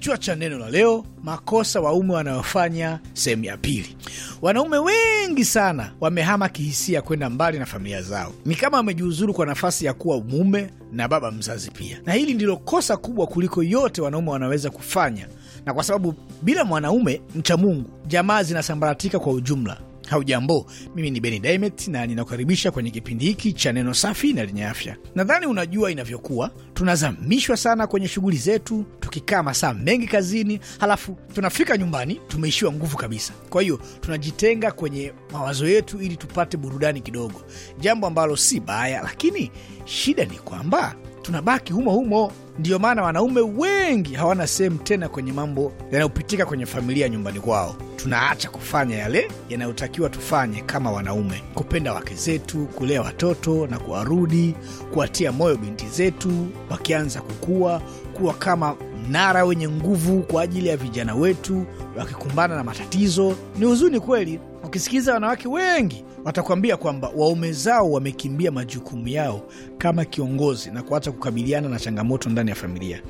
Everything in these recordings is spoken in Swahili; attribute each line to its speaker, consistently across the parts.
Speaker 1: Kichwa cha neno la leo: makosa waume wanayofanya, sehemu ya pili. Wanaume wengi sana wamehama kihisia kwenda mbali na familia zao, ni kama wamejiuzuru kwa nafasi ya kuwa mume na baba mzazi pia, na hili ndilo kosa kubwa kuliko yote wanaume wanaweza kufanya, na kwa sababu bila mwanaume mcha Mungu, jamaa zinasambaratika kwa ujumla. Haujambo, mimi ni Beni Dimet na ninakukaribisha kwenye kipindi hiki cha neno safi na lenye afya. Nadhani unajua inavyokuwa, tunazamishwa sana kwenye shughuli zetu, tukikaa masaa mengi kazini, halafu tunafika nyumbani tumeishiwa nguvu kabisa. Kwa hiyo tunajitenga kwenye mawazo yetu ili tupate burudani kidogo, jambo ambalo si baya, lakini shida ni kwamba tunabaki humo humo Ndiyo maana wanaume wengi hawana sehemu tena kwenye mambo yanayopitika kwenye familia nyumbani kwao. Tunaacha kufanya yale yanayotakiwa tufanye kama wanaume: kupenda wake zetu, kulea watoto na kuwarudi, kuwatia moyo binti zetu wakianza kukua, kuwa kama mnara wenye nguvu kwa ajili ya vijana wetu wakikumbana na matatizo. Ni huzuni kweli Ukisikiza wanawake wengi watakuambia kwamba waume zao wamekimbia majukumu yao kama kiongozi na kuacha kukabiliana na changamoto ndani ya familia.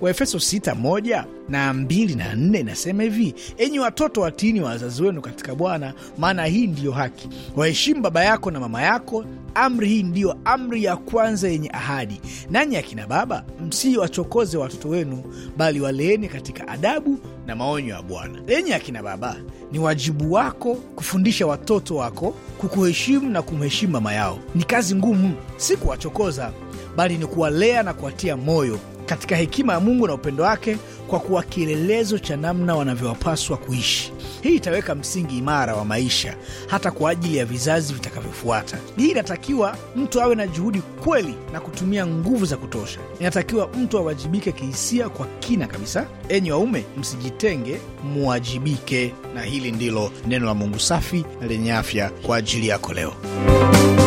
Speaker 1: Waefeso 6:1 na 2 na 4 inasema hivi: enyi watoto watini wa wazazi wenu katika Bwana, maana hii ndiyo haki. Waheshimu baba yako na mama yako. Amri hii ndiyo amri ya kwanza yenye ahadi. Nanyi akina baba, msiwachokoze watoto wenu, bali waleeni katika adabu na maonyo ya Bwana. Enyi akina baba, ni wajibu wako kufundisha watoto wako kukuheshimu na kumheshimu mama yao ni kazi ngumu, si kuwachokoza, bali ni kuwalea na kuwatia moyo katika hekima ya Mungu na upendo wake kwa kuwa kielelezo cha namna wanavyowapaswa kuishi. Hii itaweka msingi imara wa maisha hata kwa ajili ya vizazi vitakavyofuata. Hii inatakiwa mtu awe na juhudi kweli na kutumia nguvu za kutosha. Inatakiwa mtu awajibike kihisia kwa kina kabisa. Enyi waume, msijitenge, muwajibike. Na hili ndilo neno la Mungu safi na lenye afya kwa ajili yako leo.